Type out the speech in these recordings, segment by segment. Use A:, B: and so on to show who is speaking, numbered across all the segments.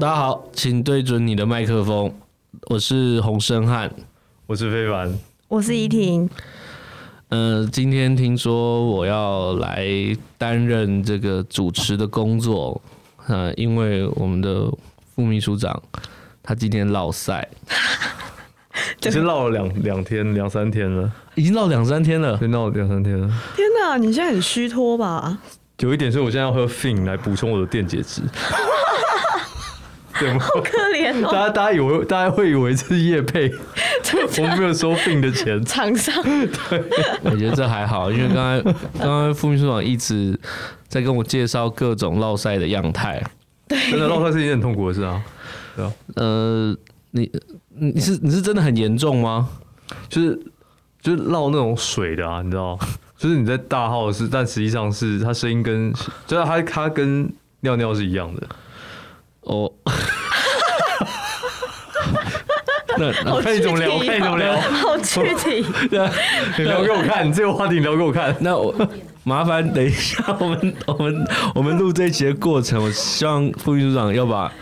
A: 大家好，請對準你的麥克風。我是洪申翰，我是飛帆，
B: 我是怡婷。
A: 嗯、呃，今天聽說我要來擔任這個主持的工作。嗯、呃，因為我們的副祕書長他
C: 今天烙賽， 已經烙了兩兩天、兩三天了，已經烙了兩三天了，已經烙了兩三天了。
B: 天哪，你現在很虛脫吧？
C: 有一點，所以我現在要喝 FIN 來補充我的電解質。 好可憐憐哦！大家大家以為大家會以為這是業配 我們沒有收 FIN 的錢。
B: 廠商，
C: 我覺得這還好，因為剛才剛剛副秘書長一直在跟我介
A: 紹各種落賽的樣態。 對，真的落賽是一件很痛苦的事啊。對啊。 呃，
C: 你你是你是真的很嚴重嗎？就是就是落那種水的啊，你知道就是你在大號是，但實際上是他聲音跟，就是他他跟尿尿是一樣的。哦，哈哈哈哈哈哈！那配怎麼聊？配怎麼聊？
B: 好具體，對、呃，呃呃
C: 呃呃、你聊給我看，這 個話題你聊給我看。那我麻煩等一下，我們我們
A: 我們錄這一集的過程，我希望副秘書長要把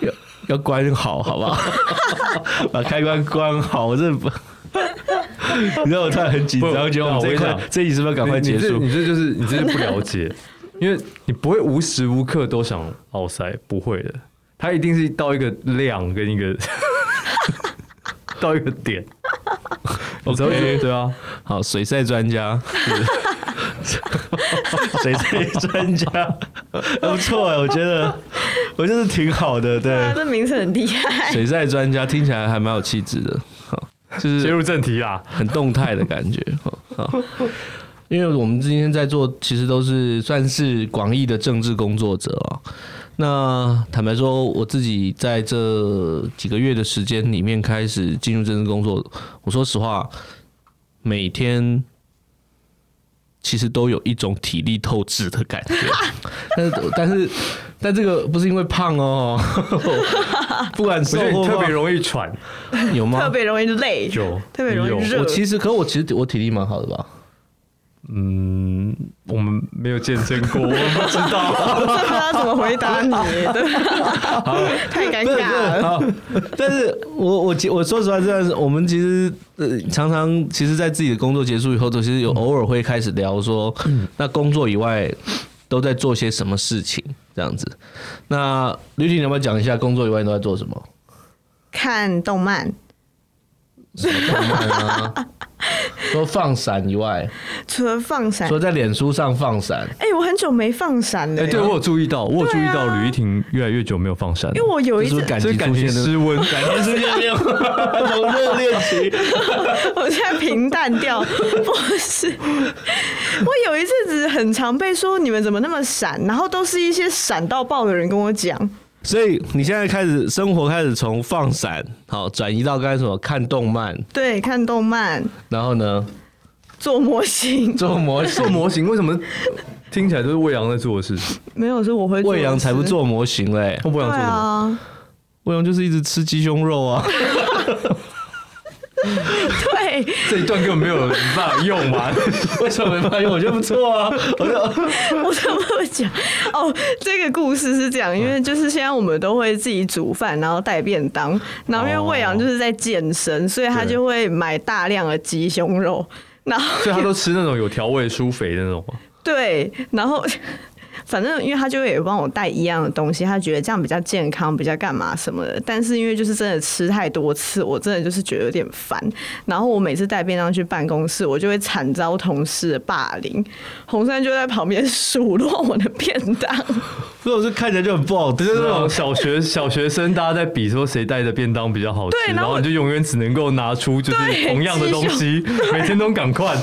A: 要、呃、要關
C: 好，好不好？ 把開關關好，這不， 你知道我突然很緊張，覺得好危險。這一集是不是趕快結束？你，你，這，你這就是你這是不了解。 因為你不會無時無刻都想奧賽，不會的。他一定是到一個量跟一個 到一個點。覺、okay, 得 對啊，好，水賽專家，就是、 水賽
A: 專專家， 不錯哎，我覺得我就是挺好的，對，啊、
B: 這名字很厲害。水
A: 賽專家聽起來還蠻有氣質的，好，就是切入正題啦，很動態的感覺， 好。好因為我們今天在做，其實都是算是廣義的政治工作者啊。那坦白說，我自己在這幾個月的時間裡面開始進入政治工作，我說實話，每天其實都有一種體力透支的感覺。 但是，但是，但這個不是因為胖哦。哈哈哈，不管 我覺得你特別容易喘， 有嗎？特別容
B: 易累，有。特別容易熱。我其實，
A: 可我其實我體力蠻好的吧。嗯，我們沒有見證過， 我不知道， 不知道怎麼回答你， 對 太尷尬了。好 但是我，我我我說實話，真的是。我們其實、呃、常常，其實，在自己的工作結束以後，都其實有偶爾會開始聊說、嗯，那工作以外都在做些什麼事情，這樣子。那呂婷，你要不要講一下工作以外都在做什麼？
B: 看動漫。什麼動漫
A: 啊？ 除了放閃以外，
B: 除了放閃，除了
A: 在臉書上放閃。哎、
B: 欸，我很久沒放閃了。哎、欸，對我有
C: 注意到，啊、我有注意到呂怡婷越來越久沒有放閃。因為我有一次、就是、感覺出現失溫，感
A: 情出現那種熱戀期，
B: 我現在平淡掉。不 是，我有一陣子很常被說你們怎麼那麼閃，然後都是一些閃到爆的人跟我講。
A: 所以你現在開始生活，開始從放閃好轉移到該什麼？看動漫。
B: 對，看動漫。
A: 然後
C: 呢？做模型。做模做模型， 為什麼聽起來都是魏陽在做的事？
B: 沒有，是我會
C: 做。魏陽才不做模型嘞，魏陽做什麼？
B: 啊、魏陽就
A: 是一直吃雞胸肉啊。
B: 對，這一段根本
C: 沒有 沒辦法用嘛，為什麼沒辦法用？我覺得不錯啊。我
B: 說， 我怎麼會講？哦、oh,，這個故事是這樣，嗯，因為就是現在我們都會自己煮飯，然後帶便當。然後因為魏陽就是在健身、哦，所以他就會買大量的雞胸肉。然後，所以他都吃
C: 那種有調味、舒肥的那種嗎？
B: 對，然後。反正因為他就會也幫我帶一樣的東西，他覺得這樣比較健康，比較幹嘛什麼的。但是因為就是真的吃太多次，我真的就是覺得有點煩。然後我每次帶便當去辦公室，我就會慘遭同事的霸凌。洪申就在旁邊數落我的便當，
C: 這種是看起來就很不好吃。 就那種小學小學生大家在比說誰帶的便當比較好吃，然後,然後你就永遠只能夠拿出就是同樣的東西，每天都趕快。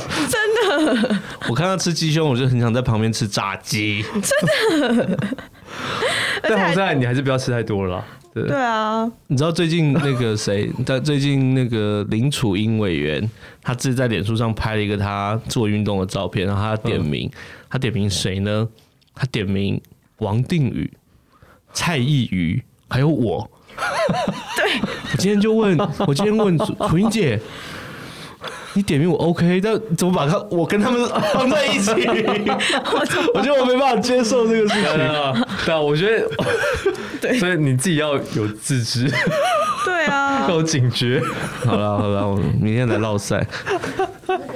C: 我看他吃雞胸，我就很想在旁邊吃炸雞。
B: 真 的， 但好在
A: 你還是不要吃太多了。對
B: 對啊，
A: 你知道最近那個誰？在 最近那個林楚茵委員，他自己在臉書上拍了一個他做運動的照片，然後他點名，嗯、他點名誰呢？他點名王定宇、蔡易餘，還有我。 對，我今天就問，我今天問楚茵姐。你點名我
C: OK，但怎麼把他我跟他們放
A: 在一起？ 我，我覺得我沒辦法接
C: 受這個事情。對 啊，啊啊我覺得，對，所以你自己要有自知。
B: 對啊，有
C: 警覺。好了好了，我明天來烙賽。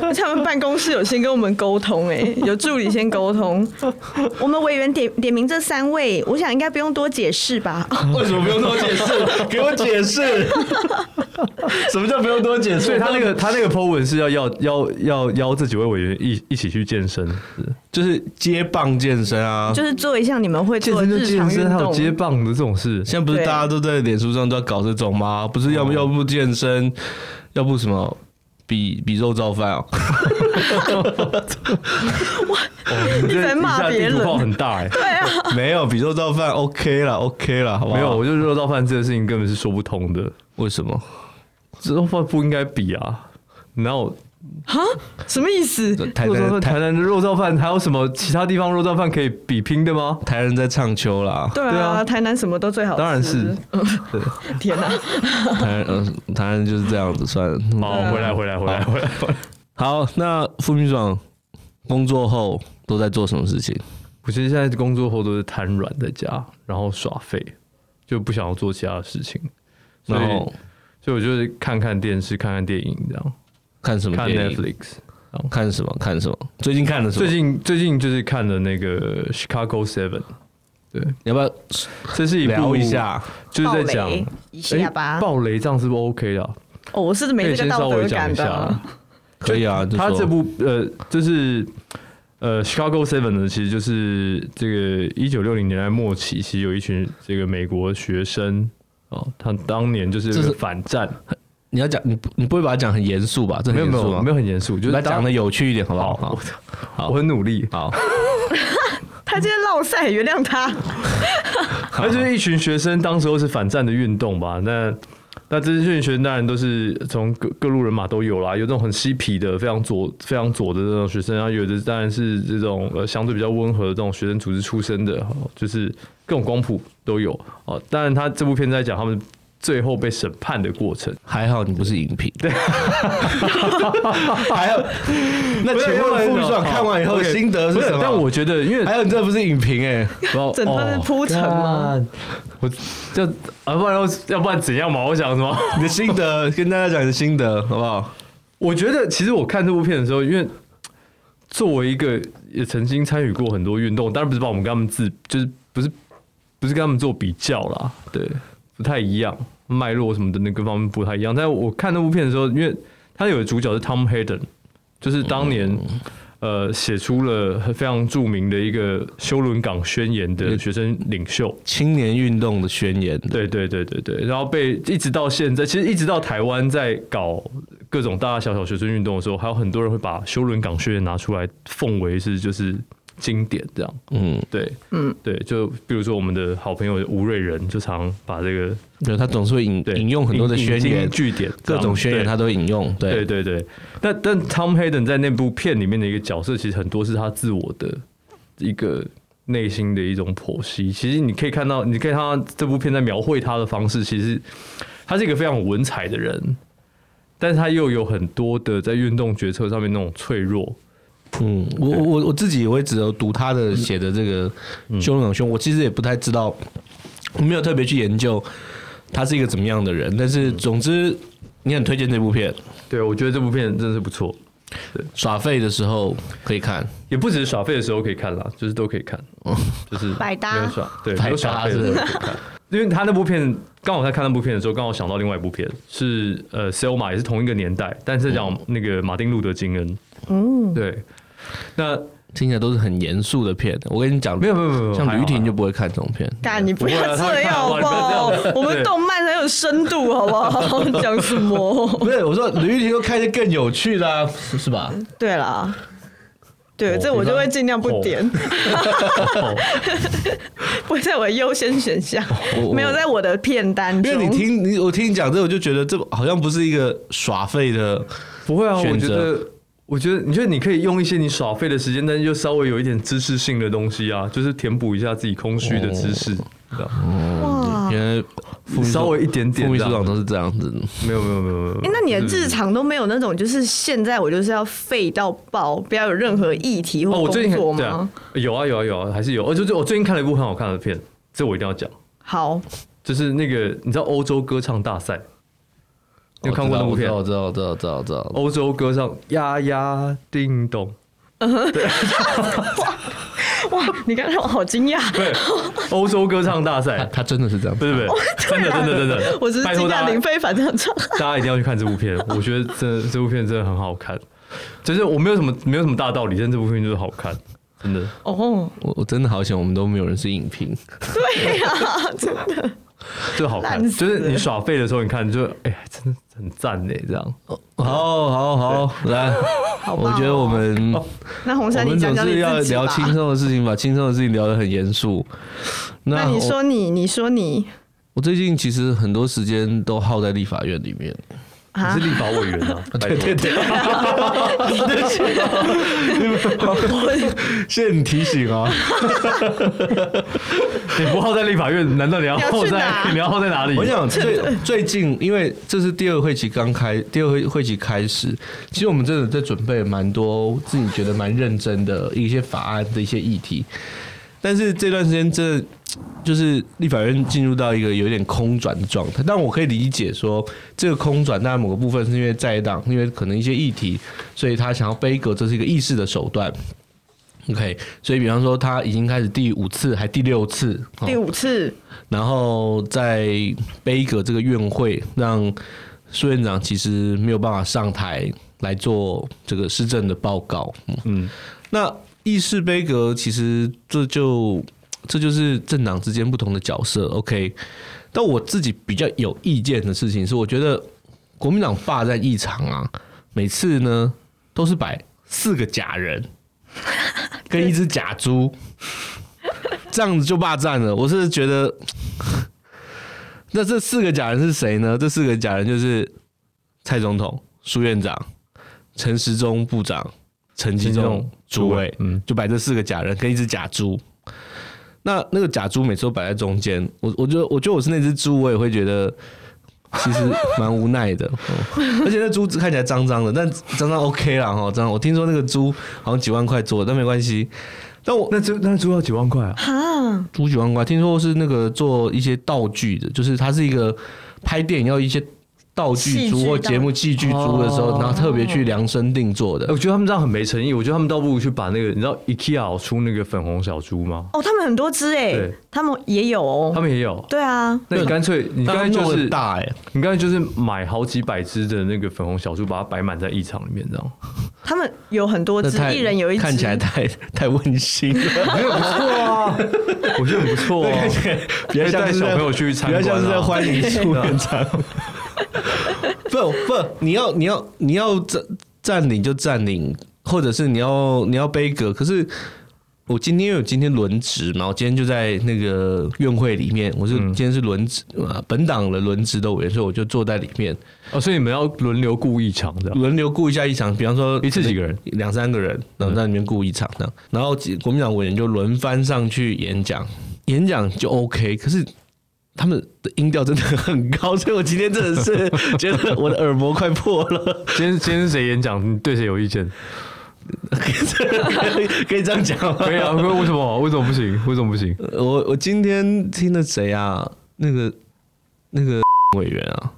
B: 他們辦公室有先跟我們溝通、欸，哎，有助理先溝通。我們委員點點名這三位，我想應該不用多解釋吧？為什麼不
C: 用多解釋？ 給我解釋！ 什麼叫不用多解釋？所以他那個他那個 PO 文是要要要要邀這幾位委員一一起去健身是，就是接棒健身啊，就
B: 是做一項你們會做的日常運動還有接
C: 棒的這種事。現在不是大家都在臉書上都
A: 要搞這種嗎？嗎？不是，要不要不健身，哦、要不什麼比比肉燥
C: 飯啊？
B: 哇、 哦！你這罵別人很
C: 大哎、欸 啊。沒有比肉燥飯 OK 了，OK 了，好吧？沒有，我就是肉燥飯這件事情根本是說不通的。為什麼？這肉飯不應該比啊？然後。哈？什麼意思？台南台，南台南的肉燥飯，還有什麼其他地方肉燥飯可以比拼的嗎？ 台人在唱秋啦對，啊，對
B: 啊，台南什麼都最好吃，當然是。嗯、天哪、啊，
A: 台嗯、 呃，台南就是這樣子算，算了、啊。哦， 回來，回來，回來，回來，回來，回
C: 來。好，那付明爽工作後都在做什麼事情？我其實現在工作後都是癱軟在家，然後耍廢，就不想要做其他的事情。然後所以我就是看看電視，看看電影這樣。看什麼？看 Netflix。看什麼？看什麼？最近看的什麼？最近最近就是看的那個《Chicago Seven》。對，要不要？這是一部。聊一下，就是在講、欸、一下吧。暴雷這樣是不是 OK 的、啊？
B: 哦，我是沒先稍微講一下、啊，
C: 可以啊。就他這部呃，就是呃，《Chicago Seven》呢，其實就是這個一九六零年代末期，其實有一群這個美國學生哦，他當年就是反戰。你要講，你不你不會把它講很嚴肅吧這？沒有沒有，沒有很嚴肅，就是來講的有趣一點，好不好，好？好，我很努力。好，
B: 他今天烙賽，原諒他。
C: 那就是一群學生，當時候是反戰的運動吧？那那這些學生當然都是從各各路人馬都有啦，有這種很嬉皮的，非常左非常左的那種學生，然後有的當然是這種呃相對比較溫和的這種學生組織出身的，就是各種光譜都有啊。當然他這部片在講他們。最後被審判的過程，還好你不是影評。
A: 對， 還有好， 那請問副處長看完以後的心得是什麼？Okay、但我覺
C: 得，因為還有你這不是影評哎、欸， 整都是鋪陳嘛。我就啊，要要不然要要不然怎樣嘛？我想什麼？ 你的心得跟大家講你的心得，好不好？ 我覺得其實我看這部片的時候，因為作為一個也曾經參與過很多運動，當然不是把我們跟他們自，就是不是不是跟他們做比較啦。對。不太一樣，脈絡什麼的那各方面不太一樣。但我看那部片的時候，因為他有一個主角是 Tom Hayden，就是當年、嗯、呃寫出了非常著名的一個休倫港宣言的學生領袖，青年運動的宣言。對對對對對，然後被一直到現在，其實一直到台灣在搞各種大大小小學生運動的時候，還有很多人會把休倫港宣言拿出來奉為是就是。經典這樣，嗯，對，嗯，對，就比如說我們的好朋友吳叡人，就常把這個，嗯、對他總是會引對引，引用很多的宣言、句點，各種宣言他都引用，對，對，對，對，對，對，對、嗯。但但 Tom Hayden 在那部片裡面的一個角色，其實很多是他自我的一個內心的一種剖析。其實你可以看到，你可以看到這部片在描繪他的方式，其實他是一個非常有文采的人，但是他又有很多的在運動決策上面那種脆弱。嗯，我我、okay. 我自己也會只能讀他的寫的這個
A: 兄兄《凶長凶》，我其實也不太知道，沒有特別去研究他是一個怎麼
C: 樣的人，但是總之你很推薦這部片，對，我覺得這部片真的是不錯，耍廢的時候可以看，也不只是耍廢的時候可以看啦，就是都可以看， 就是沒有耍百搭，對，沒有耍廢因為他那部片剛好在看那部片的時候，剛好想到另外一部片，是呃 Selma 也是同一個年代，但是講那個馬丁路德金恩。嗯，對，那聽起來都是很嚴肅的片。我跟你講，沒有
A: 沒有沒有，像呂婷就不會看這種片。
B: 幹，你不要這樣好不好，我不、啊、好不好？我們動漫才有深度好不好？講 什
A: 麼？不是，我說呂婷都看的更有趣的， 是，
B: 是吧？對了。對，oh, 這我就會盡量不點。Oh. 不在我的優先選項，oh. 沒有在我的片單，因為、oh. 你聽
C: 你我聽你講這個，我就覺得這好像不是一個耍廢的。不會啊，我覺得，我覺得，你覺得你可以用一些你耍廢的時間，但是又稍微有一點知識性的東西啊，就是填補一下自己空虛的知識。哇、oh.Wow. Yeah. 稍微一點點，副秘書長都是這樣子，沒有沒有沒有沒有。那你的日常
B: 都沒有那種，就是現在我就是要廢到爆，不要有任何議題或工作嗎？
C: 哦、啊有啊有啊有啊，有啊，還是有。而、就、且、是、我最近看了一部很好看的片，這我一定要講。好，就是那個你知道歐洲歌唱大賽，你有看過那部片、哦？我知道知道知道知道。歐洲歌唱呀呀叮咚。Uh -huh.
B: 對 哇！你剛剛讓我好驚訝。對，
C: 歐 洲歌唱大賽，他真的是這樣，對不對？哦，對啊？
B: 真的，真的， 真的。真的 我只是期待林
C: 飛帆唱唱，大家， 大家一定要去看這部片。 我覺得這這部片真的很好看， 就是我沒有什麼沒有什麼大道理，但這部片就是好看，真的。哦、oh, oh.，我我真的好喜歡，我們都沒有人是影評。
B: 對呀、啊， 真的。
C: 個好看，就是你耍廢的時候，你看就哎、欸，真的很贊呢。這樣。好、哦、好好，好好來好、哦，我覺得我們、
B: 哦、那紅山，你講講你自己吧。我們總是要聊輕
C: 鬆的事情，把輕鬆的事情聊得
A: 很嚴肅。那你說
B: 你，你說你，
A: 我最近其實很多時間都耗在立法院裡面。
B: 你是立法委員啊，對對對、啊， 謝
C: 謝你提醒啊！ 你不耗在立法院，難道你要耗在要你要耗在哪裡？我想最
A: 最近，因為這是第二會期剛開，第二會會期開始，其實我們真的在準備蠻多自己覺得蠻認真的一些法案的一些議題。但是這段時間真的就是立法院進入到一個有點空轉的狀態，但我可以理解說這個空轉，當某個部分是因為在黨，因為可能一些議題，所以他想要杯葛，這是一個議事的手段。OK，所以比方說他已經開始第五次，還第六次，哦，第五次，然後在杯葛這個院會，讓蘇院長其實沒有辦法上台來做這個施政的報告，哦。嗯，那。議事杯葛其實這就這就是政黨之間不同的角色，OK。但我自己比較有意見的事情是，我覺得國民黨霸占議場啊，每次呢都是擺四個假人跟一隻假豬， 這樣子就霸占了。我是覺得，那這四個假人是誰呢？這四個假人就是蔡總統、蘇院長、陳時中部長。曾經這種豬位，嗯，就擺這四個假人跟一只假豬，嗯。那那個假豬每次都擺在中間，我我覺得我覺得我是那只豬，我也會覺得其實蠻無奈的。 而且那豬看起來髒髒的，但髒髒 OK 啦，哈，髒髒。我聽說那個豬好像幾萬塊做的，但沒關係。但我那豬那豬要幾萬塊啊？
B: 哈，
A: 豬幾萬塊？聽說是那個做一些道具的，就是它是一個拍
C: 電影要一些。道具組或節目戲劇組的時候，然後特別去量身定做的。我覺得他們這樣很沒誠意。我覺得他們倒不如去把那個，你知道 IKEA 出那個粉紅小豬嗎？
B: 哦，他們很多隻哎，他們也有哦，他們也有。對啊，那你乾
C: 脆你乾脆就是大哎，你乾脆就是買好幾百隻的那個粉紅小豬，把它擺滿在議場裡面，這樣。
B: 他們有很多隻，一人有一隻，看起來
C: 太太溫馨了，不錯
B: 啊，我
A: 覺得很不錯啊，比較像小朋友去參觀，比較像是在歡迎出遠 不不，你要你要你要占占領就占領，或者是你要你要杯葛。可是我今天因為我今天輪值嘛，我今天就在那個院會裡面，我是、嗯、今天是輪值，本黨的輪值的委員，所以我就坐在裡面。哦，所以你們要輪流顧一場，這樣輪流顧一下一場，比方說一次幾個人，兩三個人，然後在裡面顧一場，這樣。然後國民黨委員就輪番上去演講，演講就 OK。可是。他們的音調真的很高，所以我今天真的是覺得
C: 我的耳膜快破了。今天今天是誰演講？你對誰有意見？
A: 可以這樣講嗎？ 可以啊。以為
C: 什麼？為什麼不行？為
A: 什麼不行？我行我，我今天聽了誰啊？那個那個、X、委員
B: 啊。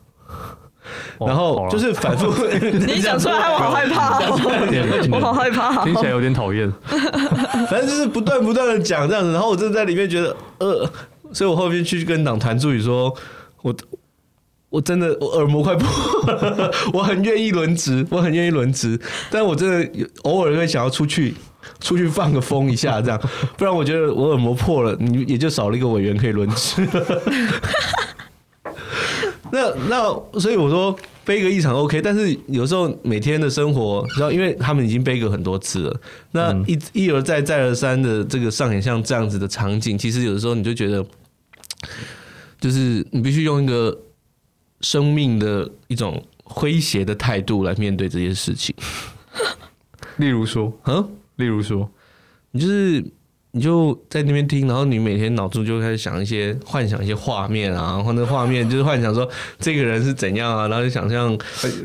C: 然後
B: 就是反覆、哦、 你講出來害、哦， 我好害怕，我好害怕，聽起來有
C: 點討厭。 反正就是不斷不斷的講這樣子，然後我
A: 真的在裡面覺得呃。所以，我後面去跟黨團助理說，我我真的我耳膜快破了， 我很願意輪值，我很願意輪值，但我真的偶爾會想要出去出去放個風一下，這樣，不然我覺得我耳膜破了，你也就少了一個委員可以輪值。 那那，所以我說背個一場 OK，但是有時候每天的生活，你知道，因為他們已經背過很多次了，那一、嗯、一而再再而三的這個上演像這樣子的場景，其實有的時候你就覺得。就是你必須用一個生命的一種詼諧的態度來面對這些事情，例如說，嗯，例如說，你就是。你就在那邊聽，然後你每天腦中就開始想一些，幻想一些畫面啊，換那個畫面就是幻想說這個人是怎樣啊，然後就想象，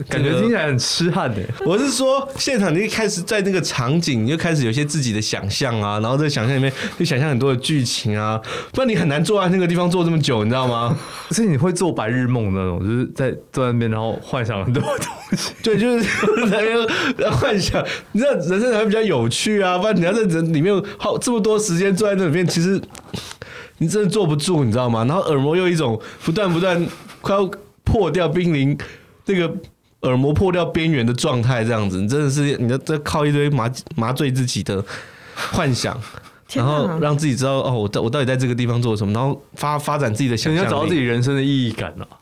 A: 感覺聽起來很痴漢的、欸。我是說現場你一開始在那個場景，你就開始有一些自己的想象啊，然後在想象裡面就想象很多的劇
C: 情啊，不然你很難坐在那個地方坐這麼久，你知道嗎？所以你會做白日夢的那種，就是在坐在那邊然後幻想很多。
A: 對，就是在幻想，你知道人生才比較有趣啊，不然你要在人裡面耗這麼多時間坐在那裡面，其實你真的坐不住，你知道嗎？然後耳膜又有一種不斷不斷快要破掉、瀕臨那個耳膜破掉邊緣的狀態，這樣子，你真的是你在靠一堆麻麻醉自己的幻想，啊、然後讓自己知道哦，我到我到底在這個地方做什麼，然後發發展自己的想像，要找到自己人生的意義感了、哦。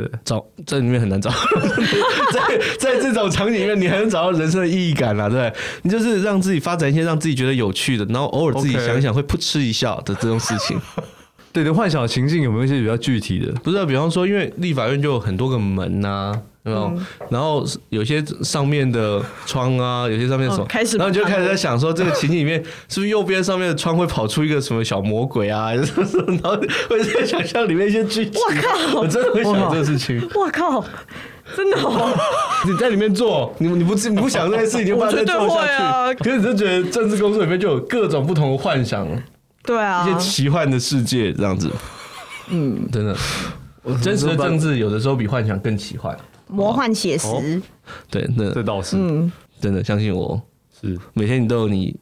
A: 對，找，這裡面很難找， 在在這種場景裡面，你還能找到人生的意義感啊？對，你就是讓自己發展一些讓自己覺得有趣的，然後偶爾自己想想會撲哧一笑的這種事情。Okay. 對，的幻想的情境有沒有一些比較具體的？不知道、啊，比方說，因為立法院就有很多個門吶、啊。有沒有、嗯、然後有些上面的窗啊，有些上面的什麼，哦、開始，然後你就開始在想說這個情景裡面是不是右邊上面的窗會跑出一個什麼小魔鬼啊？ 然後會在想象裡面一些劇情。我靠，我真的會想這個事情。我靠，
C: 真的、哦， 你在
A: 裡面做，你不你不你不想這些事情，你就把它做下去、啊。可是你就覺得政治工作裡面就有各種不同的幻想。
B: 對啊，一些奇
A: 幻的世界這樣子。嗯，真的，我覺得真實的政治有的時候比幻想更奇幻。
B: 魔幻寫實、
A: 哦，對，那這倒是，真的、嗯、相信我是每天你都有你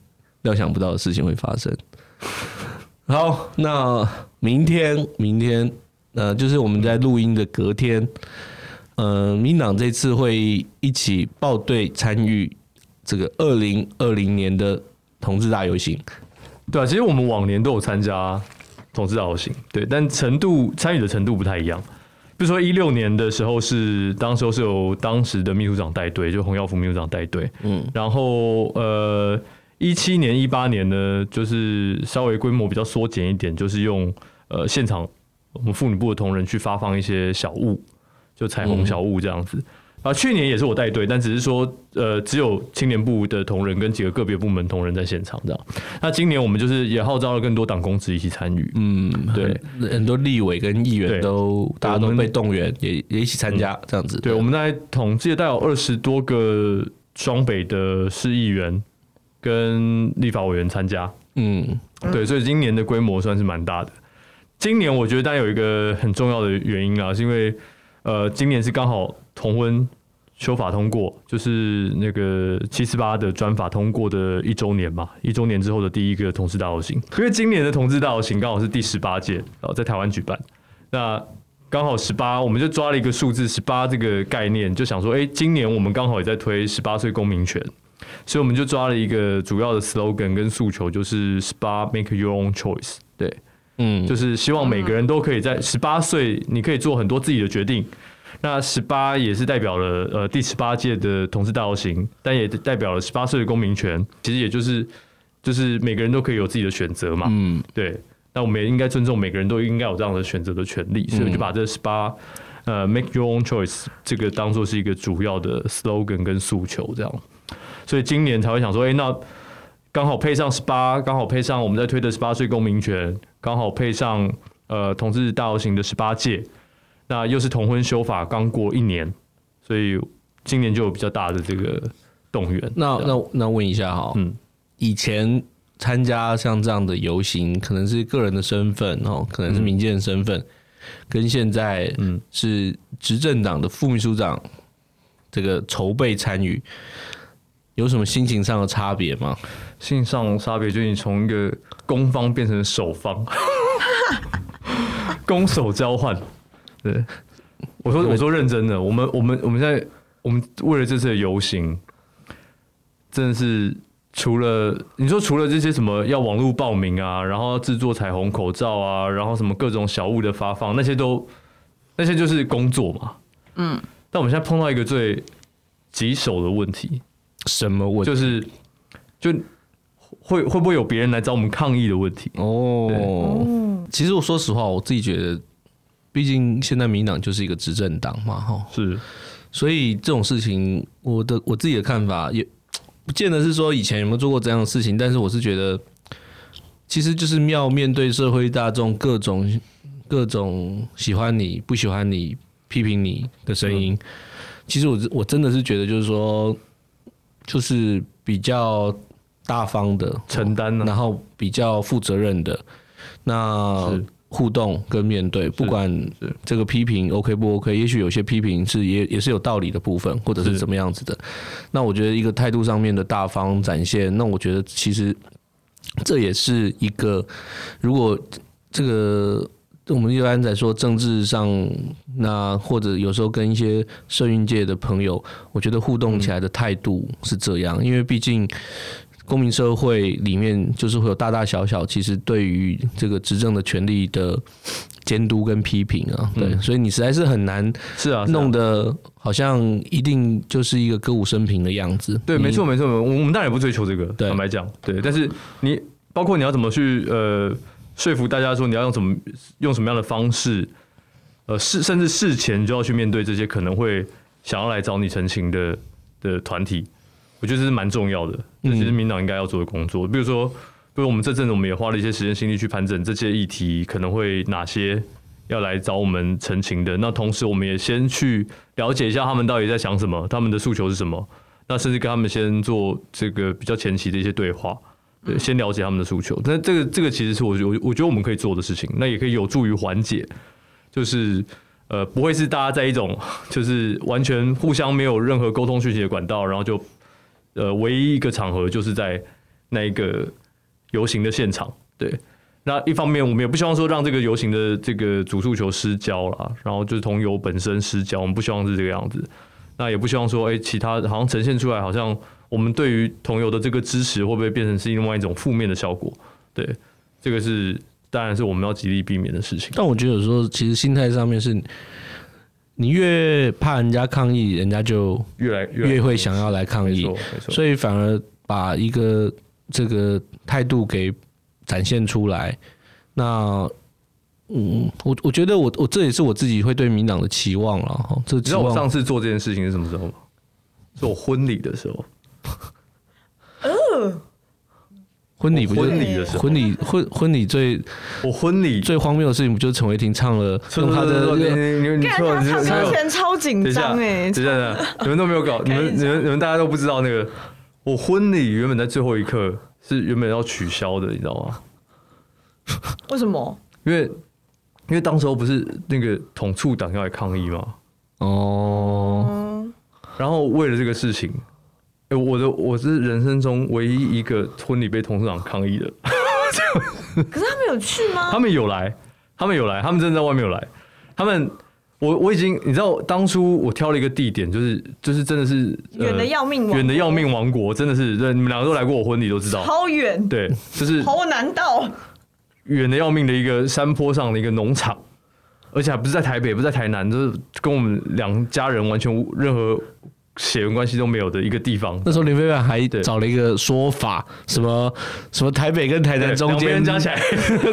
A: 料想不到的事情會發生。好，那明天，明天，呃，就是我們在錄音的隔天，呃，民進黨這次會一起報隊參與
C: 這個二零二零年的同志大遊行，對啊，其實我們往年都有參加同志大遊行，對，但程度參與的程度不太一樣。比如說一六年的時候是，當時候是由當時的秘書長帶隊，就洪耀福秘書長帶隊，嗯，然後呃一七年一八年呢，就是稍微規模比較縮減一點，就是用呃現場我們婦女部的同仁去發放一些小物，就彩虹小物這樣子。嗯啊，去年也是我帶隊，但只是說，呃，只有青年部的同仁跟幾個個別部門同仁在現場這樣。那今年我們就是也號召了更多黨公職一起參與。嗯，對，很多立委跟議員都大家都被動員，也也一起參加、嗯、這樣子。對，對我們在統計也帶有二十多個雙北的市議員跟立法委員參加。嗯，對，所以今年的規模算是蠻大的、嗯。今年我覺得大家有一個很重要的原因啊，是因為呃，今年是剛好。同婚修法通過，就是那個七四八的專法通過的一周年嘛？一周年之後的第一個同志大遊行，因為今年的同志大遊行剛好是第十八屆，然後在台灣舉辦，那剛好十八，我們就抓了一個數字十八這個概念，就想說，哎、欸，今年我們剛好也在推十八歲公民權，所以我們就抓了一個主要的 slogan 跟訴求，就是十八 make your own choice，對，嗯，就是希望每個人都可以在十八歲，你可以做很多自己的決定。那十八也是代表了呃第十八屆的同志大遊行，但也代表了十八歲的公民權。其實也就是就是每個人都可以有自己的選擇嘛。嗯，對。那我們也應該尊重，每個人都應該有這樣的選擇的權利。所以就把這十八、嗯、呃，make your own choice 這個當做是一個主要的 slogan 跟訴求這樣。所以今年才會想說，哎、欸，那剛好配上十八，剛好配上我們在推的十八歲公民權，剛好配上呃同志大遊行的十八屆。那又是同婚修法剛過一年，所以今年就有比較大的這個動員。那那那，那我問一下哈，嗯，以前參加像這樣的遊
A: 行，可能是個人的身份哦，可能是民間的身份，嗯、跟現在嗯是執政黨的副秘書長、嗯、這個籌備參與，
C: 有什麼心情上的差別嗎？心情上的差別，就是你從一個攻方變成守方，攻 守 交換。對，我說我說認真的，我們我們我們現在我們為了這次的遊行，真的是除了你說除了這些什麼要網絡報名啊，然後制作彩虹口罩啊，然後什麼各種小物的發放，那些都那些就是工作嘛，嗯。但我們現在碰到一個最棘手的問題，什麼問題？就是就會會不會有別人來找我們抗議的問題？哦，嗯。其實我說實話，我自己覺得。畢竟現在民進黨就
A: 是一個執政黨嘛，哈。是，所以這種事情，我的我自己的看法也不見得是說以前有沒有做過這樣的事情，但是我是覺得，其實就是要面對社會大眾各種各種喜歡你、不喜歡你、批評你的聲音。嗯。其實我我真的是覺得，就是說，就是比較大方的承擔，啊哦，然後比較負責任的那。互動跟面對，不管這個批評 OK 不 OK，也許有些批評是也也是有道理的部分，或者是怎麼樣子的。那我覺得一個態度上面的大方展現，那我覺得其實這也是一個，如果這個我們一般在說政治上，那或者有時候跟一些社運界的朋友，我覺得互動起來的態度是這樣，嗯、因為畢竟。公民社會裡面，就是會有大大小小，其實對於這個執政的權力的監督跟批評啊，對，所以你實在是很難，是啊，弄得好像一定就是一個歌舞昇平的樣子。啊啊、對，沒錯，沒
C: 錯，我們當然也不追求這個。坦白講，對，但是你包括你要怎麼去呃說服大家說你要用什麼用什麼樣的方式，呃，事甚至事前就要去面對這些可能會想要來找你陳情的的團體。我覺得這是蠻重要的，這其實民進黨應該要做的工作，嗯。比如說，比如我們這陣子我們也花了一些時間、心力去盤整這些議題，可能會哪些要來找我們澄清的。那同時，我們也先去了解一下他們到底在想什麼，他們的訴求是什麼。那甚至跟他們先做這個比較前期的一些對話，對，先了解他們的訴求。那、嗯、這個這個其實是我我我覺得我們可以做的事情，那也可以有助於緩解，就是呃，不會是大家在一種就是完全互相沒有任何溝通訊息的管道，然後就。呃，唯一一個場合就是在那一個遊行的現場。對，那一方面我們也不希望說讓這個遊行的這個主訴求失焦了，然後就是同遊本身失焦，我們不希望是這個樣子。那也不希望說，哎、欸，其他好像呈現出來，好像我們對於同遊的這個支持會不會變成是另外一種負面的效果？對，這個是當然是我們要極力避免的事情。
A: 但我覺得有時候其實心態上面是。你越怕人家抗議，人家就越來越來越會想要來抗議，所以反而把一個這個態度給展現出來。那，嗯，我我覺得我我這也是我自己會對民進黨的期望了哈。你、這個、知道我上
C: 次做這件事情是什麼時候嗎？做婚禮的時候。
A: 哦婚禮不就婚禮婚婚禮
C: 最我婚禮最，最荒謬的事情，不就是陳偉霆唱了 用他，他唱你你、欸、唱的？看人家唱之前超緊張誒。真的，你們都沒有搞，呃、你們你，你們你們，你們大家都不知道那個我婚禮原本在最後一刻是原本要取消的，你知道嗎？
B: 為什麼？因為
C: 因為當時候不是那個統促黨要來抗議嗎？哦、嗯，然後為了這個事情。哎、欸，我的我是人生中唯一一個婚禮被董事長抗議的。
B: 可是他們有去嗎？他們
C: 有來，他們有來，他們真的在外面有來。他們，我我已經，你知道，當初我挑了一個地點，就是就是真的是呃、遠的要命王國，遠的要命王國，真的是，對，你們兩個都來過我婚禮都知道。超遠。對，就是。超難到。遠的要命的一個山坡上的一個農場，而且還不是在台北，不是在台南，就是跟我們兩家人完全無任何。血緣關係都沒有的一個地方。那時候林飛帆還找了一個說法，什麼什麼台北跟台南中間加起來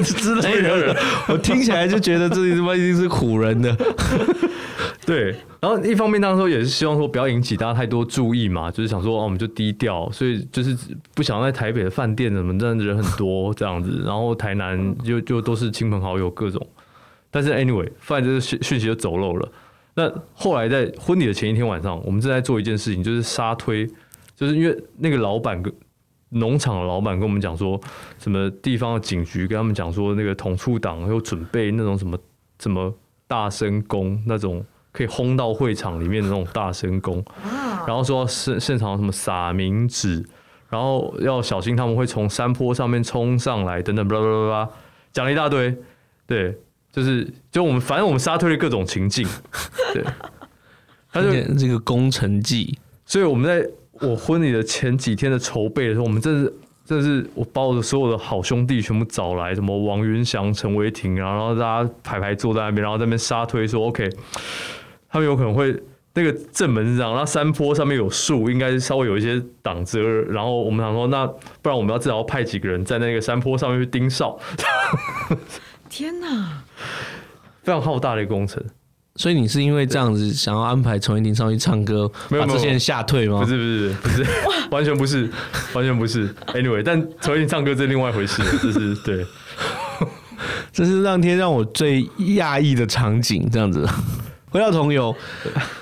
C: 之類的， 惹惹欸、 我聽起來就覺得自己他媽一定是唬人的。 對，然後一方面當時也是希望說不要引起大家太多注意嘛，就是想說哦我們就低調，所以就是不想在台北的飯店怎麼這樣人很多這樣子， 然後台南就就都是親朋好友各種，但是 anyway，反正就是訊息就走漏了。那後來在婚禮的前一天晚上，我們正在做一件事情，就是沙推，就是因為那個老板跟農場的老板跟我們講說，什麼地方的警局跟他們講說，那個統促黨又準備那種什麼什麼大聲公那種可以轟到會場裡面的那種大聲公， 然後說現現場什麼撒冥紙，然後要小心他們會從山坡上面衝上來，等等，blah blah blah，講了一大堆，對。就是就我們反正我們沙推的各種情境， 對，他就演這個工程計，所以我們在我婚禮的前幾天的籌備的時候，我們真是真是我把我的所有的好兄弟全部找來，什麼王雲祥、陳維廷，然後大家排排坐在那邊，然後在那邊沙推說：“OK，他們有可能會那個正門是這樣，那山坡上面有樹，應該稍微有一些擋遮，然後我們想說，那不然我們要至少派幾個人在那個山坡上面去盯哨。 ”天吶，非常浩大的一個工程，所以你是因為這樣子想要安排陳依婷上去唱歌，
A: 沒有出現嚇退嗎？不是
C: 不是不是，完全不是， 完全不是。Anyway，但陳依婷唱歌這是另外一回事， 這
A: 是對，這是那天讓我最訝異的場景。這樣子， 回到同遊，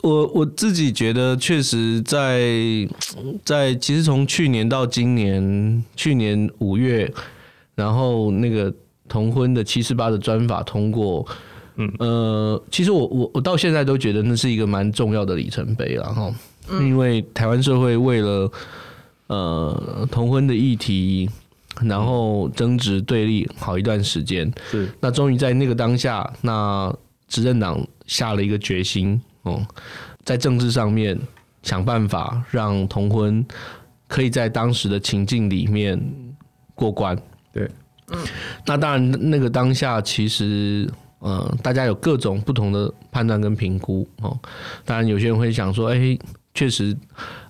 A: 我我自己覺得確實在在，其實從去年到今年，去年五月，然後那個。同婚的七四八的專法通過，嗯呃，其實我我我到現在都覺得那是一個蠻重要的里程碑，然後、嗯、因為台灣社會為了呃同婚的議題，然後爭執對立好一段時間，是那終於在那個當下，那執政黨下了一個決心，哦、嗯，在政治上面想辦法讓同婚可以在當時的情境裡面過關。嗯，那當然，那個當下其實，嗯、呃，大家有各種不同的判斷跟評估哦。當然，有些人會想說，哎、欸，確實，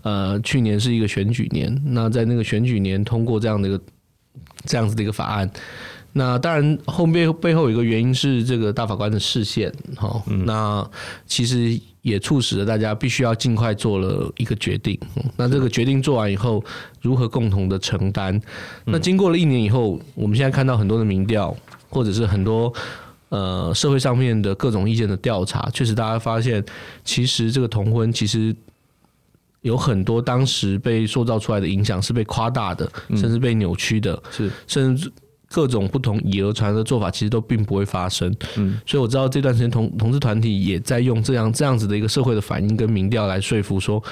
A: 呃，去年是一個選舉年，那在那個選舉年通過這樣的一個這樣子的一個法案，那當然後面背，背後有一個原因是這個大法官的釋憲，哦嗯、那其實。也促使了大家必須要儘快做了一個決定、嗯。那這個決定做完以後，如何共同的承擔、嗯？那經過了一年以後，我們現在看到很多的民調，或者是很多呃社會上面的各種意見的調查，確實大家發現，其實這個同婚其實有很多當時被塑造出來的影響是被誇大的，甚至被扭曲的，嗯、是甚至。各種不同以訛傳訛的做法，其實都並不會發生。嗯，所以我知道這段時間同同志團體也在用這樣這樣子的一個社會的反應跟民調來說服說，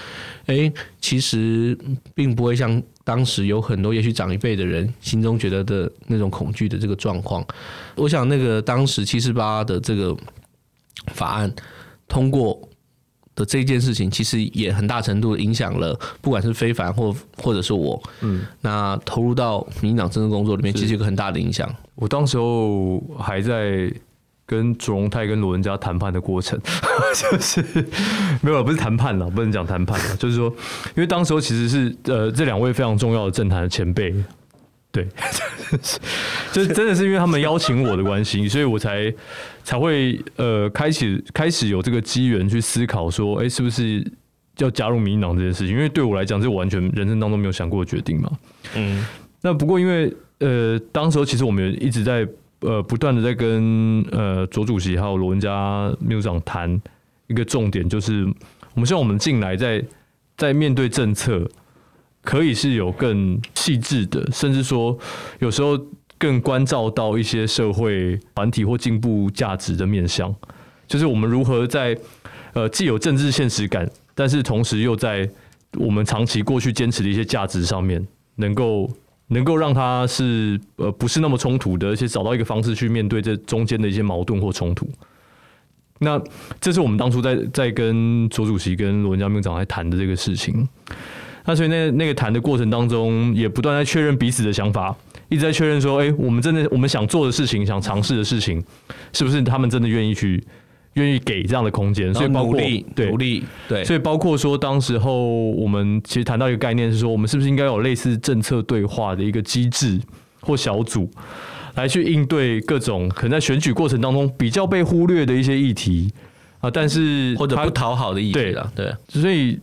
A: 誒，其實並不會像當時有很多也許長一輩的人心中覺得的那種恐懼的這個狀況。我想那個當時七四八的這個法案通過，的這件事情，其實也很大程度影響了，不管是飛帆或
C: 或者是我，嗯，那投入到民進黨政治工作裡面，其實有個很大的影響。我當時候還在跟卓榮泰跟羅文嘉談判的過程， 就是沒有了，不是談判了，不能講談判了， 就是說，因為當時候其實是呃，這兩位非常重要的政壇的前輩。對， 就真的是因為他們邀請我的關係， 所以我才才會呃開始開始有這個機緣去思考說，哎、欸，是不是要加入民進黨這件事情？因為對我來講，這是我完全人生當中沒有想過的決定嘛。嗯，那不過因為呃，當時候其實我們一直在呃不斷的在跟呃卓主席還有羅文嘉秘書長談一個重點，就是我們希望我們進來在在面對政策，可以是有更細緻的，甚至說有時候更關照到一些社會團體或進步價值的面向。就是我們如何在呃既有政治現實感，但是同時又在我們長期過去堅持的一些價值上面，能夠能夠讓它是呃不是那麼衝突的，而且找到一個方式去面對這中間的一些矛盾或衝突。那這是我們當初在在跟卓主席跟羅文嘉秘書長在談的這個事情。那所以那那個談的過程當中，也不斷在確認彼此的想法，一直在確認說，哎、欸，我們真的我們想做的事情，想嘗試的事情，是不是他們真的願意去願意給這樣的空間？所以包括對、對，所以包括說，當時候我們其實談到一個概念是說，我們是不是應該有類似政策對話的一個機制或小組，來去應對各種可能在選舉過程當中比較被忽略的一些議題啊？但是他或者不討好的議題啦，對，所以。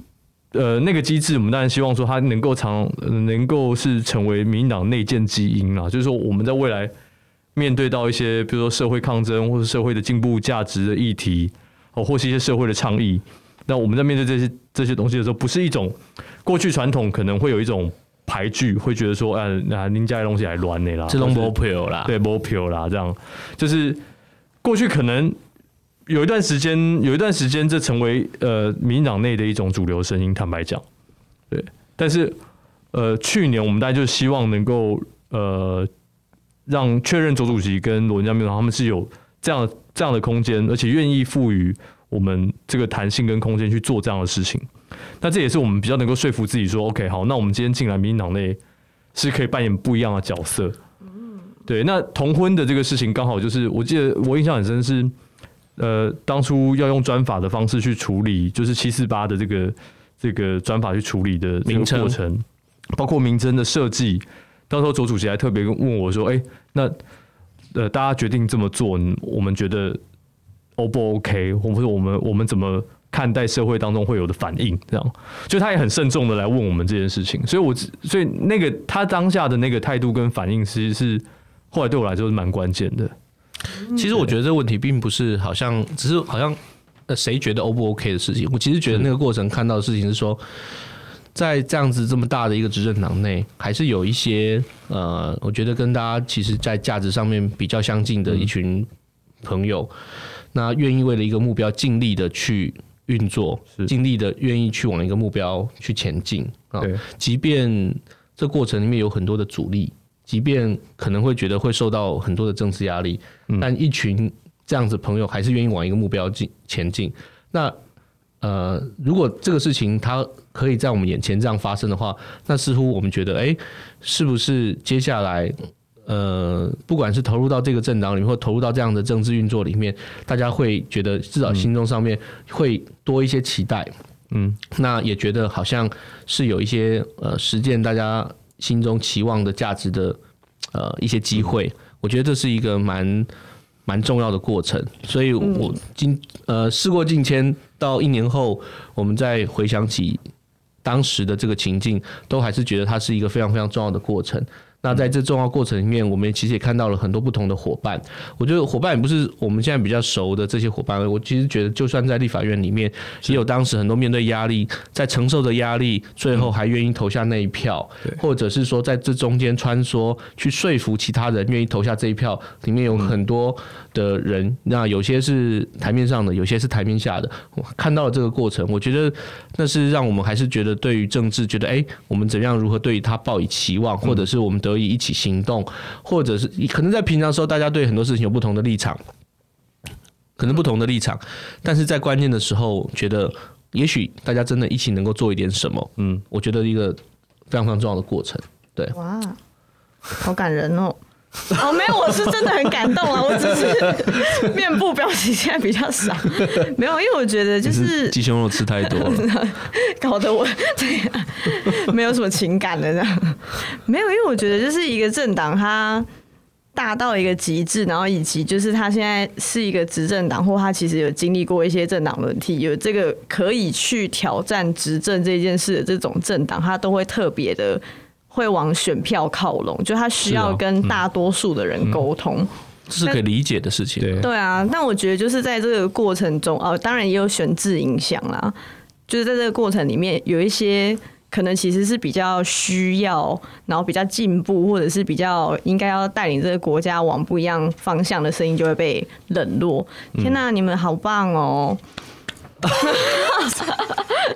C: 呃，那個機制，我們當然希望說它能夠長，呃、能夠是成為民進黨內建基因啦。就是說，我們在未來面對到一些，比如說社會抗爭或者社會的進步價值的議題，哦，或是一些社會的倡議，那我們在面對這些這些東西的時候，不是一種過去傳統可能會有一種排拒，會覺得說，哎、呃，啊、呃，您家的東西還亂的啦，這不 pure 啦，對，不 pure 啦，這樣就是過去可能。有一段時間，有一段時間，這成為呃民進黨內的一種主流聲音。坦白講，對，但是呃，去年我們大家就希望能夠呃，讓確認卓主席跟羅文嘉秘書長他們是有這樣這樣的空間，而且願意賦予我們這個彈性跟空間去做這樣的事情。那這也是我們比較能夠說服自己說，OK，好，那我們今天進來民進黨內是可以扮演不一樣的角色。對，那同婚的這個事情，剛好就是我記得我印象很深是。呃，當初要用專法的方式去處理，就是七四八的這個這個專法去處理的這個過程，包括名稱的設計。到時候，卓主席還特別問我說：“哎、欸，那呃，大家決定這麼做，我們覺得 O 不 O OK？或者我們我們怎麼看待社會當中會有的反應？這樣，所以他也很慎重的來問我們這件事情。所以我，我所以那個他當下的那個態度跟反應，其實是後來對我來說是蠻關鍵的。”其實我覺得這個問題並不是好像，只是好像，呃，誰覺
A: 得 O 不 OK 的事情。我其實覺得那個過程看到的事情是說，在這樣子這麼大的一個執政黨內，還是有一些呃，我覺得跟大家其實，在價值上面比較相近的一群朋友，那願意為了一個目標盡力的去運作，盡力的願意去往一個目標去前進啊。即便這過程裡面有很多的阻力。即便可能會覺得會受到很多的政治壓力，嗯、但一群這樣子朋友還是願意往一個目標進前進。那呃，如果這個事情它可以在我們眼前這樣發生的話，那似乎我們覺得，誒，是不是接下來呃，不管是投入到這個政黨裡面，或投入到這樣的政治運作裡面，大家會覺得至少心中上面會多一些期待。
C: 嗯，
A: 那也覺得好像是有一些呃實踐大家，心中期望的價值的，呃，一些機會，嗯，我覺得這是一個蠻蠻重要的過程。所以我，我、嗯、今呃，事過境遷，到一年後，我們再回想起當時的這個情境，都還是覺得它是一個非常非常重要的過程。那在這重要過程裡面，我們其實也看到了很多不同的夥伴。我覺得夥伴也不是我們現在比較熟的這些夥伴。我其實覺得，就算在立法院裡面，也有當時很多面對壓力，在承受着壓力，最後還願意投下那一票，或者是說在這中間穿梭去說服其他人願意投下這一票，裡面有很多的人，那有些是台面上的，有些是台面下的。我看到了這個過程，我覺得那是讓我們還是覺得對於政治，覺得哎、欸，我們怎樣如何對他抱以期望，或者是我們得以一起行動，嗯、或者是可能在平常時候大家對很多事情有不同的立場，可能不同的立場，嗯、但是在關鍵的時候，覺得也許大家真的一起能夠做一點什麼。嗯，我覺得一個非常
B: 非常重要的過程。對，哇，好感人哦。哦，沒有，我是真的很感動啊， 我只是面部表情現在比較少， 沒有，因為我覺得就是雞胸肉吃太多 搞得，我對呀、啊，沒有什麼情感的那樣，沒有，因為我覺得就是一個政黨，他大到一個極致，然後以及就是他現在是一個執政黨，或他其實有經歷過一些政黨輪替，有這個可以去挑戰執政這件事的這種政黨，他都會特別的。會往選票靠攏，就他需要跟大多數的人溝通，這是，哦、嗯、嗯、是可
A: 以理解的事情。對，對
B: 啊。但我覺得就是在這個過程中啊、哦，當然也有選制影響啦。就是在這個過程裡面，有一些可能其實是比較需要，然後比較進步，或者是比較應該要帶領這個國家往不一樣方向的聲音，就會被冷落。嗯、天哪、啊，你們好棒哦！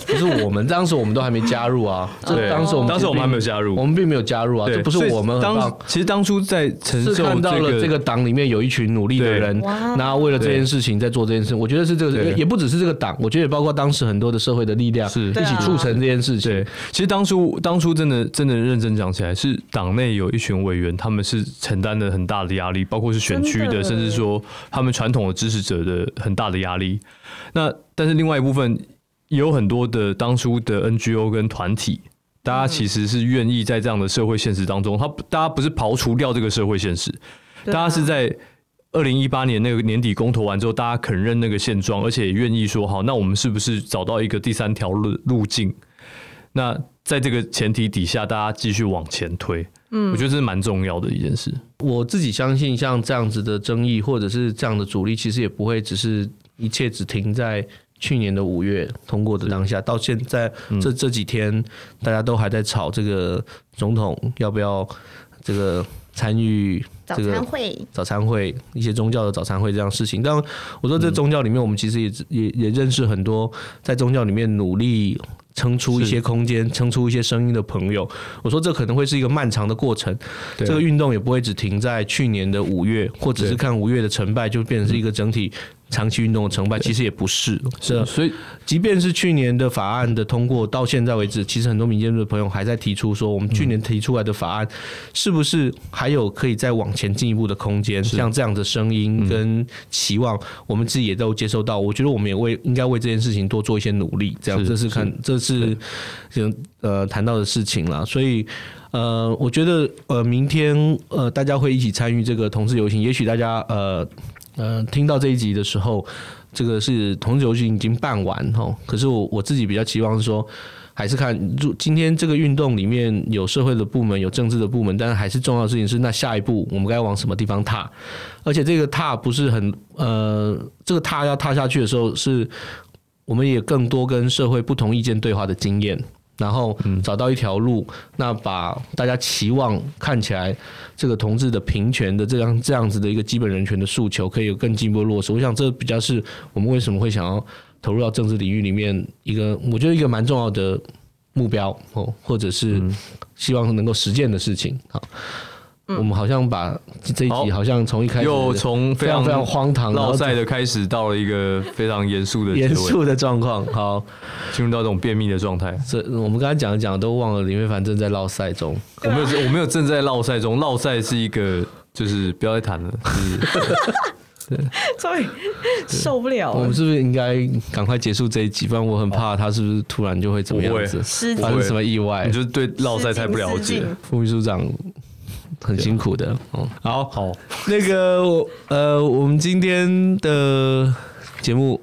A: 不是我們當時，我們都還沒加入啊。對， 當時我們、哦、當時我們還沒有加入，我們並沒有加入啊。這不是我們當。
C: 其實當初在承受、這個、到了這個
A: 黨裡面有一群努力的人，然後為了這件事情在做這件事情。我覺得是這個，也不只是這個黨，
C: 我覺得也包括當時很多的社會的力量，是一起促成這件事情。對啊、對，其實當初當初真的真的認真講起來，是黨內有一群委員，他們是承擔了很大的壓力，包括是選區的，的甚至說他們傳統的支持者的很大的壓力。那但是另外一部分。有很多的當初的 NGO 跟團體，大家其實是願意在這樣的社會現實當中，他大家不是刨除掉這個社會現實，大家是在二零一八年那個年底公投完之後，大家肯認那個現狀，而且也願意說好，那我們是不是找到一個第三條路路徑？那在這個前提底下，大家繼續往前推，嗯，我覺得這是蠻重要的一件事。我自己相信，像這
A: 樣子的爭議或者是這樣的阻力，其實也不會只是一切只停在。去年的五月通過的當下，到現在、嗯、這這幾天，大家都還在吵這個總統要不要這個參與這個早餐會，早餐會，早餐會一些宗教的早餐會這樣的事情。當然我說，這宗教裡面，我們其實也、嗯、也也認識很多在宗教裡面努力撐出一些空間、撐出一些聲音的朋友。我說，這可能會是一個漫長的過程，這個運動也不會只停在去年的五月，或者是看五月的成敗，就變成是一個整體。長期運動的成敗其實也不是，是啊，所以即便是去年的法案的通過到現在為止，其實很多民間的朋友還在提出說，我們去年提出來的法案是不是還有可以再往前進一步的空間？像這樣的聲音跟期望，嗯，我們自己也都接收到。我覺得我們也為應該為這件事情多做一些努力。這樣，是是這是看這是呃談到的事情了。所以呃，我覺得呃，明天呃大家會一起參與這個同志遊行，也許大家呃。呃，聽到這一集的時候，這個是同志遊行已經辦完吼、哦，可是我我自己比較期望是說，還是看，就今天這個運動裡面有社會的部門，有政治的部門，但是還是重要的事情是，那下一步我們該往什麼地方踏？而且這個踏不是很呃，這個踏要踏下去的時候，是我們也更多跟社會不同意見對話的經驗。然後找到一條路，嗯，那把大家期望看起來，這個同志的平權的這樣這樣子的一個基本人權的訴求，可以有更進一步的落實。我想這比較是我們為什麼會想要投入到政治領域裡面一個，我覺得一個蠻重要的目標，哦，或者是希望能夠實踐的事情，嗯我們好像把這一集好像從一開始又從非,非常非常荒唐落賽的
C: 開始，到了一個非常嚴肅的嚴肅的狀況，好，進入到這種便秘的狀態。這我們剛才講一講都忘了裡面，林飛帆正在落賽中、啊，我沒有我沒有正在落賽中，落賽是一個就是不要再談了,是是 了,了，
B: 對，所以受不了。我們
C: 是不是應該趕快結
A: 束這一集？不然我很怕他是不是突然就會怎麼樣子，發生什麼意外？我就對落賽太不了解私私，副秘書長。很辛苦的、嗯、好好，那個我呃，我們今天的節目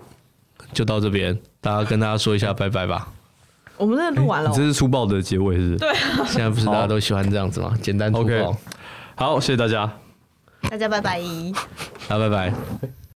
A: 就到這邊，大家跟大家說一下拜拜吧。
B: 我們真的錄完了、哦，欸、
A: 你這是粗暴的結尾，是不是？對啊。現在不是大家都喜歡這樣子嗎？簡單粗暴、okay。好，謝謝大家，
B: 大家拜拜，
A: 好， 拜拜。